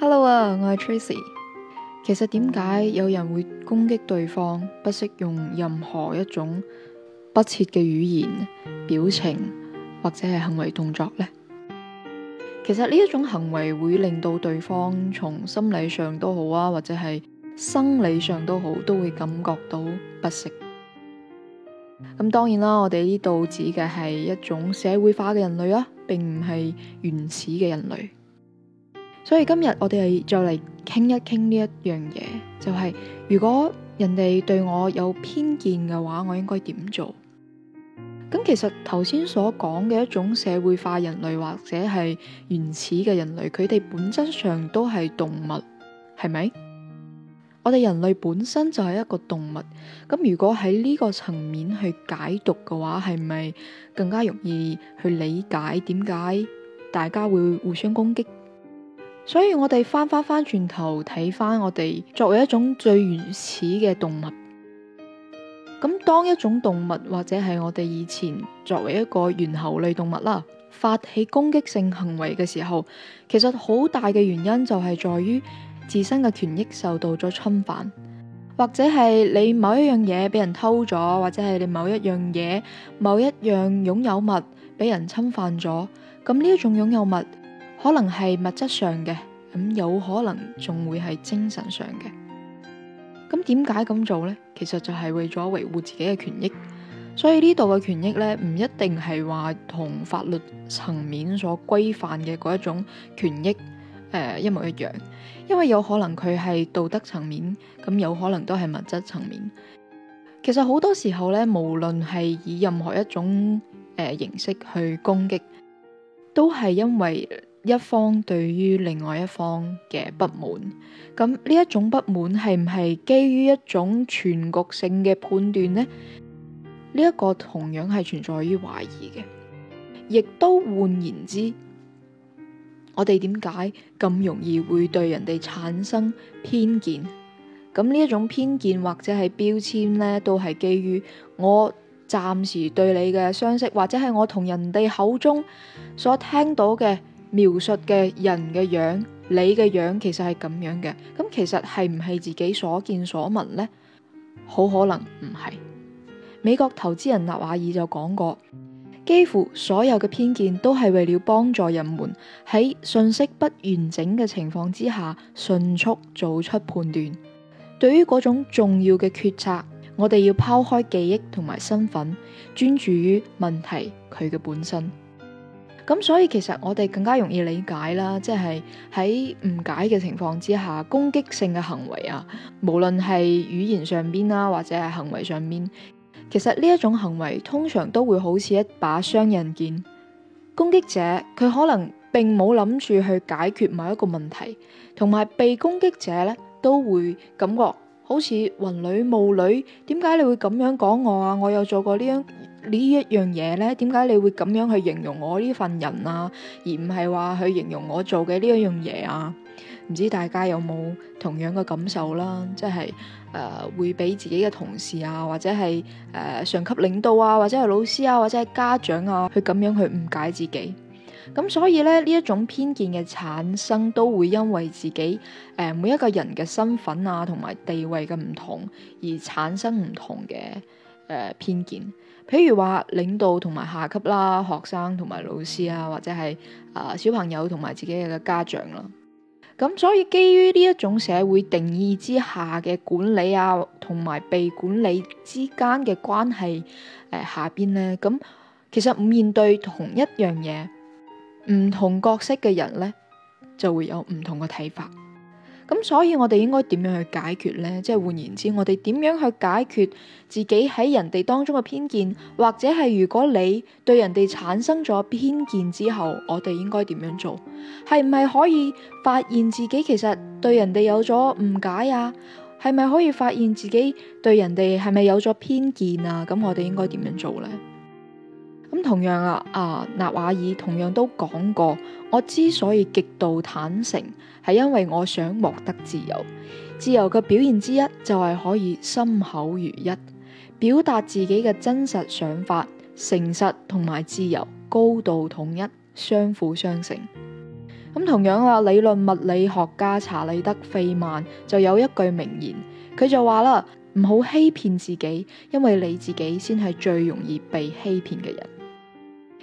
Hello 啊，我係 Tracy。其實點解有人會攻擊對方，不惜用任何一種不切嘅語言、表情或者係行為動作呢？其實呢一種行為會令到對方從心理上都好啊，或者係生理上都好，都會感覺到不適。咁當然啦，我哋呢度指嘅係一種社會化嘅人類啊，並唔係原始嘅人類。所以今日我哋係就嚟傾一傾呢一樣嘢，就係如果人哋對我有偏見嘅話，我應該點做？咁其實頭先所講嘅一種社會化人類或者係原始嘅人類，佢哋本質上都係動物，係咪？我哋人類本身就係一個動物，咁如果喺呢個層面去解讀嘅話，係咪更加容易去理解點解大家會互相攻擊？所以我哋翻翻翻轉頭睇翻我哋作為一種最原始嘅動物，咁當一種動物或者係我哋以前作為一個猿猴類動物啦，發起攻擊性行為嘅時候，其實好大嘅原因就係在於自身嘅權益受到咗侵犯，或者係你某一樣嘢俾人偷咗，或者係你某一樣嘢某一樣擁有物俾人侵犯咗，咁呢一種擁有物。可能係物質上嘅，咁有可能仲會係精神上嘅。咁點解咁做呢？其實就係為咗維護自己嘅權益。所以呢度嘅權益呢，唔一定係話同法律層面所規範嘅嗰一種權益誒、呃、一模一樣，因為有可能佢係道德層面，咁有可能都係物質層面。其實好多時候呢，無論係以任何一種誒、呃、形式去攻擊，都係因為，一方對於另外一方嘅不滿，咁呢一種不滿係唔係基於一種全局性嘅判斷呢？呢一個同樣係存在於懷疑嘅，亦都換言之，我哋點解咁容易會對人哋產生偏見？咁呢一種偏見或者係標籤呢，都係基於我暫時對你嘅相識，或者係我同人哋口中所聽到嘅。描述嘅人嘅樣，你嘅樣其實係咁樣嘅，咁其實係唔係自己所見所聞咧？好可能唔係。美國投資人納瓦爾就講過，幾乎所有嘅偏見都係為了幫助人們喺信息不完整嘅情況之下，迅速做出判斷。對於嗰種重要嘅決策，我哋要拋開記憶同埋身份，專注於問題佢嘅本身。咁所以其實我哋更加容易理解啦，即係喺誤解嘅情況之下，攻擊性嘅行為啊，無論係語言上邊啊，或者係行為上邊，其實呢一種行為通常都會好似一把雙刃劍。攻擊者佢可能並冇諗住去解決某一個問題，同埋被攻擊者咧都會感覺。好似雲裏霧裏，點解你會咁樣講我啊？我有做過呢樣呢一樣嘢呢？點解你會咁樣去形容我呢份人啊？而唔係話去形容我做嘅呢一樣嘢啊？唔知大家有冇同樣嘅感受啦？即係誒、呃、會俾自己嘅同事啊，或者係誒、呃、上級領導啊，或者係老師啊，或者係家長啊，去咁樣去誤解自己。咁所以咧，呢一種偏見嘅產生都會因為自己誒、呃、每一個人嘅身份啊，同埋地位嘅唔同而產生唔同嘅誒、呃、偏見。譬如話領導同埋下級啦，學生同埋老師啊，或者係啊、呃、小朋友同埋自己嘅家長啦。咁所以基於呢一種社會定義之下嘅管理啊，同埋被管理之間嘅關係誒、呃、下邊咧，咁其實面對同一樣嘢。唔同角色嘅人呢，就會有唔同嘅睇法。咁所以我哋應該點樣去解決呢？即係換言之，我哋點樣去解決自己喺人哋當中嘅偏見？或者係如果你對人哋產生咗偏見之後，我哋應該點樣做？係咪可以發現自己其實對人哋有咗誤解啊？係咪可以發現自己對人哋係咪有咗偏見啊？咁我哋應該點樣做呢？咁同樣啊，阿、啊、納瓦爾同樣都講過，我之所以極度坦誠，係因為我想獲得自由。自由嘅表現之一就係可以心口如一，表達自己嘅真實想法，誠實同埋自由，高度統一，相輔相成。咁同樣啊，理論物理學家查理德費曼就有一句名言，佢就話啦：唔好欺騙自己，因為你自己先係最容易被欺騙嘅人。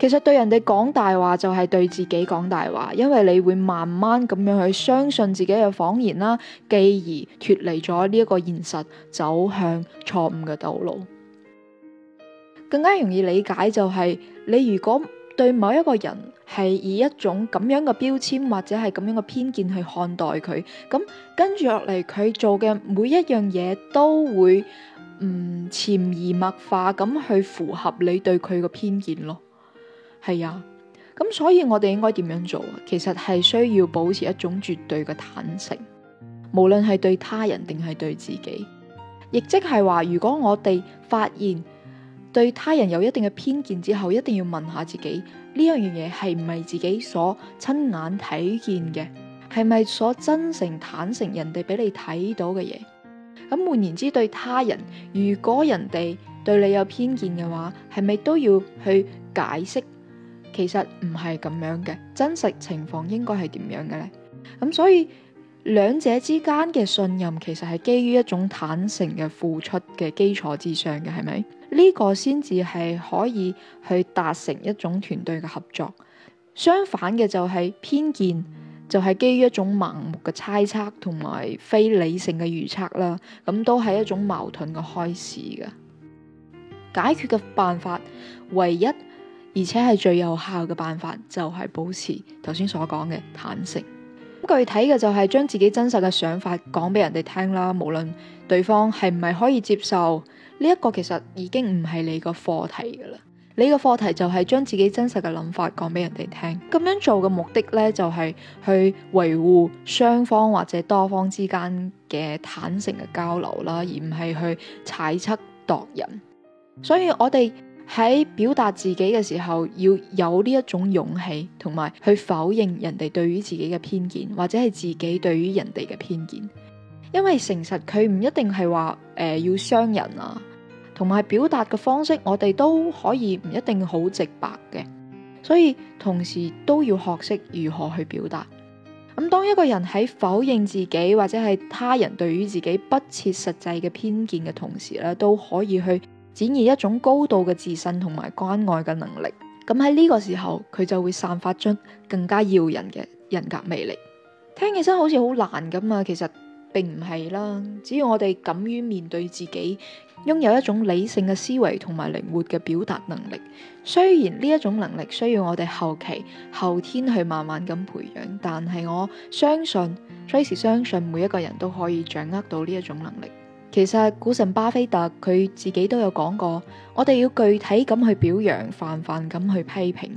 其實對人哋講大話就係對自己講大話，因為你會慢慢咁樣去相信自己嘅謊言啦，繼而脱離咗呢一個現實，走向錯誤嘅道路。更加容易理解就係你如果對某一個人係以一種咁樣嘅標籤或者係咁樣嘅偏見去看待佢，咁跟住落嚟佢做嘅每一樣嘢都會嗯潛移默化咁去符合你對佢嘅偏見咯。係啊，咁所以我哋應該點樣做啊？其實係需要保持一種絕對嘅坦誠，無論係對他人定係對自己，亦即係話，如果我哋發現對他人有一定嘅偏見之後，一定要問下自己呢樣嘢係唔係自己所親眼睇見嘅，係咪所真誠坦誠人哋俾你睇到嘅嘢？咁換言之，對他人，如果人哋對你有偏見嘅話，係咪都要去解釋？其實唔係咁樣嘅，真實情況應該係點樣嘅呢？咁所以兩者之間嘅信任，其實係基於一種坦誠嘅付出嘅基礎之上嘅，係咪？呢個先至係可以去達成一種團隊嘅合作。相反嘅就係偏見，就係基於一種盲目嘅猜測同埋非理性嘅預測啦，咁都係一種矛盾嘅開始嘅。解決嘅辦法，唯一。而且係最有效嘅辦法，就係保持頭先所講嘅坦誠。具體嘅就係將自己真實嘅想法講俾人哋聽啦，無論對方係唔係可以接受呢一個，其實已經唔係你個課題噶啦。你個課題就係將自己真實嘅諗法講俾人哋聽。咁樣做嘅目的呢，就係去維護雙方或者多方之間嘅坦誠嘅交流啦，而唔係去猜測度人。所以我哋。喺表達自己嘅時候，要有呢一種勇氣，同埋去否認人哋對於自己嘅偏見，或者係自己對於人哋嘅偏見。因為誠實，佢唔一定係話誒要傷人啊，同埋表達嘅方式，我哋都可以唔一定好直白嘅，所以同時都要學識如何去表達。咁當一個人喺否認自己或者係他人對於自己不切實際嘅偏見嘅同時咧，都可以去。展現一種高度嘅自信同埋關愛嘅能力，咁喺呢個時候佢就會散發出更加耀人嘅人格魅力。聽起身好似好難咁啊，其實並唔係啦，只要我哋敢於面對自己，擁有一種理性嘅思維同埋靈活嘅表達能力。雖然呢一種能力需要我哋後期後天去慢慢咁培養，但係我相信，Tracy 相信每一個人都可以掌握到呢一種能力。其實股神巴菲特佢自己都有講過，我哋要具體咁去表揚，泛泛咁去批評，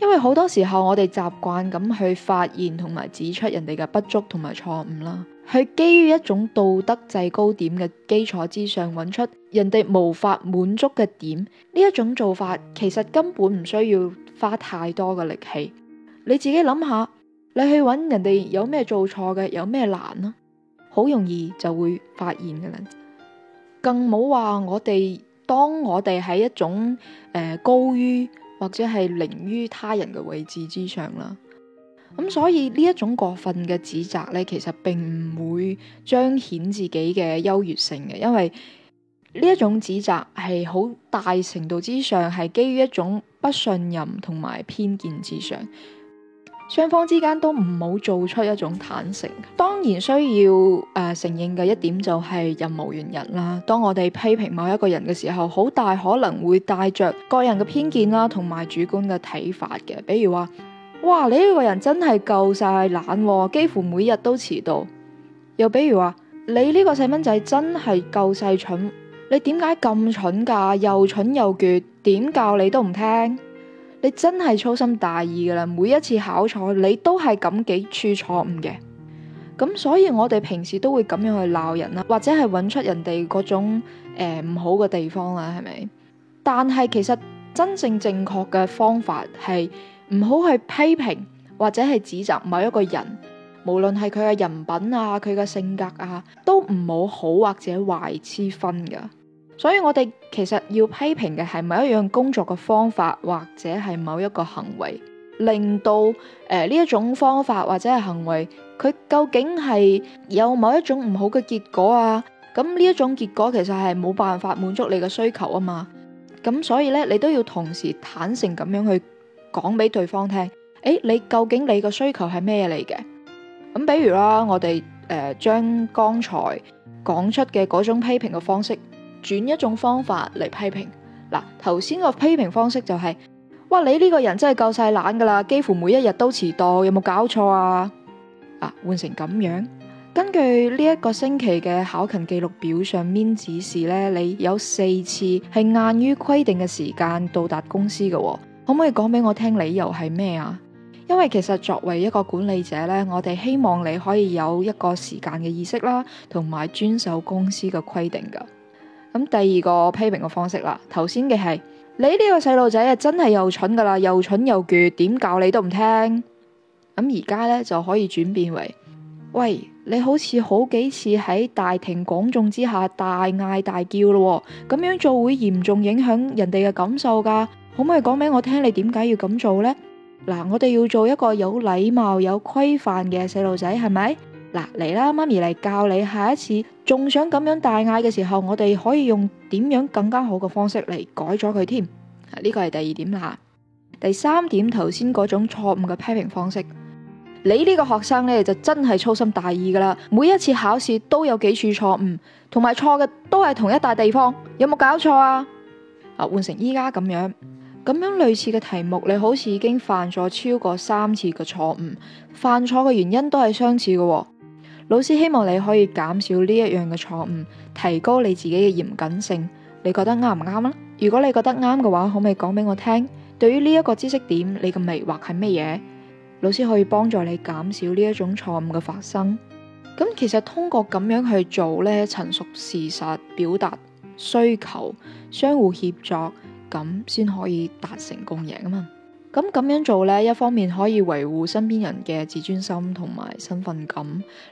因為好多時候我哋習慣咁去發現同埋指出人哋嘅不足同埋錯誤啦。去基於一種道德制高點嘅基礎之上揾出人哋無法滿足嘅點，呢一種做法其實根本唔需要花太多嘅力氣。你自己諗下，你去揾人哋有咩做錯嘅，有咩難啊？好容易就會發現嘅啦，更冇話我哋當我哋喺一種誒、呃、高於或者係凌於他人嘅位置之上啦。咁、嗯、所以呢一種過分嘅指責呢，其實並唔會彰顯自己嘅優越性嘅，因為呢一種指責係好大程度之上係基於一種不信任同埋偏見之上。雙方之間都唔好做出一種坦誠。當然需要誒、呃、承認嘅一點就係人無完人啦。當我哋批評某一個人嘅時候，好大可能會帶着個人嘅偏見啦、啊，同埋主觀嘅睇法嘅。比如話，哇，你呢個人真係夠晒懶、啊，幾乎每日都遲到。又比如話，你呢個細蚊仔真係夠晒蠢，你點解咁蠢噶、啊？又蠢又倔，點教你都唔聽。你真係粗心大意噶啦，每一次考錯你都係咁幾處錯誤嘅，咁所以我哋平時都會咁樣去鬧人啦，或者係揾出人哋嗰種誒唔好嘅地方啦，係咪？但係其實真正正確嘅方法係唔好去批評或者係指責某一個人，無論係佢嘅人品啊、佢嘅性格啊，都唔好好或者壞之分噶。所以我哋其實要批評嘅係某一樣工作嘅方法，或者係某一個行為，令到誒呢一種方法或者係行為，佢究竟係有某一種唔好嘅結果啊？咁呢一種結果其實係冇辦法滿足你嘅需求啊嘛。咁所以咧，你都要同時坦誠咁樣去講俾對方聽，誒，你究竟你嘅需求係咩嚟嘅？咁比如啦，我哋誒、呃、將剛才講出嘅嗰種批評嘅方式。轉一種方法嚟批評嗱，頭先個批評方式就係：哇，你呢個人真係夠晒懶噶啦，幾乎每一日都遲到，有冇搞錯啊？啊，換成咁樣，根據呢一個星期嘅考勤記錄表上面指示呢，你有四次係晏於規定嘅時間到達公司噶喎，可唔可以講俾我聽理由係咩啊？因為其實作為一個管理者呢，我哋希望你可以有一個時間嘅意識啦，同埋遵守公司嘅規定噶。咁第二個批評嘅方式啦，頭先嘅係你呢個細路仔啊，真係又蠢噶啦，又蠢又倔，點教你都唔聽。咁而家呢，就可以轉變為，喂，你好似好幾次喺大庭廣眾之下大嗌大叫咯，咁樣做會嚴重影響人哋嘅感受噶，可唔可以講俾我聽你點解要咁做呢？嗱，我哋要做一個有禮貌、有規範嘅細路仔，係咪？嗱，嚟啦，媽咪嚟教你。下一次仲想咁樣大嗌嘅時候，我哋可以用點樣更加好嘅方式嚟改咗佢添。呢個係第二點啦。第三點，頭先嗰種錯誤嘅批評方式，你呢個學生呢，就真係粗心大意噶啦。每一次考試都有幾處錯誤，同埋錯嘅都係同一大地方，有冇搞錯啊？啊，換成依家咁樣，咁樣類似嘅題目，你好似已經犯咗超過三次嘅錯誤，犯錯嘅原因都係相似嘅。老師希望你可以減少呢一樣嘅錯誤，提高你自己嘅嚴謹性。你覺得啱唔啱啊？如果你覺得啱嘅話，可唔可以講俾我聽？對於呢一個知識點，你嘅迷惑係咩嘢？老師可以幫助你減少呢一種錯誤嘅發生。咁其實通過咁樣去做呢，陳述事實、表達需求、相互協作，咁先可以達成共贏啊嘛。咁咁樣做咧，一方面可以維護身邊人嘅自尊心同埋身份感，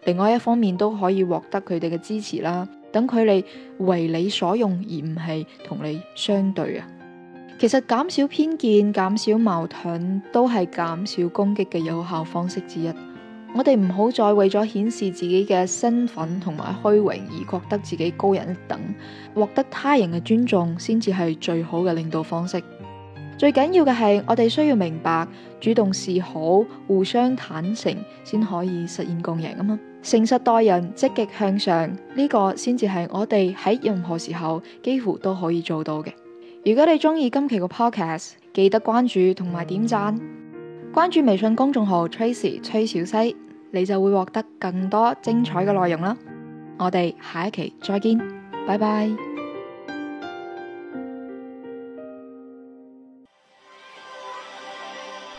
另外一方面都可以獲得佢哋嘅支持啦，等佢哋為你所用而唔係同你相對啊。其實減少偏見、減少矛盾都係減少攻擊嘅有效方式之一。我哋唔好再為咗顯示自己嘅身份同埋虛榮而覺得自己高人一等，獲得他人嘅尊重先至係最好嘅領導方式。最緊要嘅係，我哋需要明白主動示好、互相坦誠，先可以實現共贏啊嘛！誠實待人、積極向上，呢、這個先至係我哋喺任何時候幾乎都可以做到嘅。如果你中意今期嘅 podcast，記得關注同埋點讚，關注微信公眾號 Tracy 崔小西，你就會獲得更多精彩嘅內容啦！我哋下一期再見，拜拜。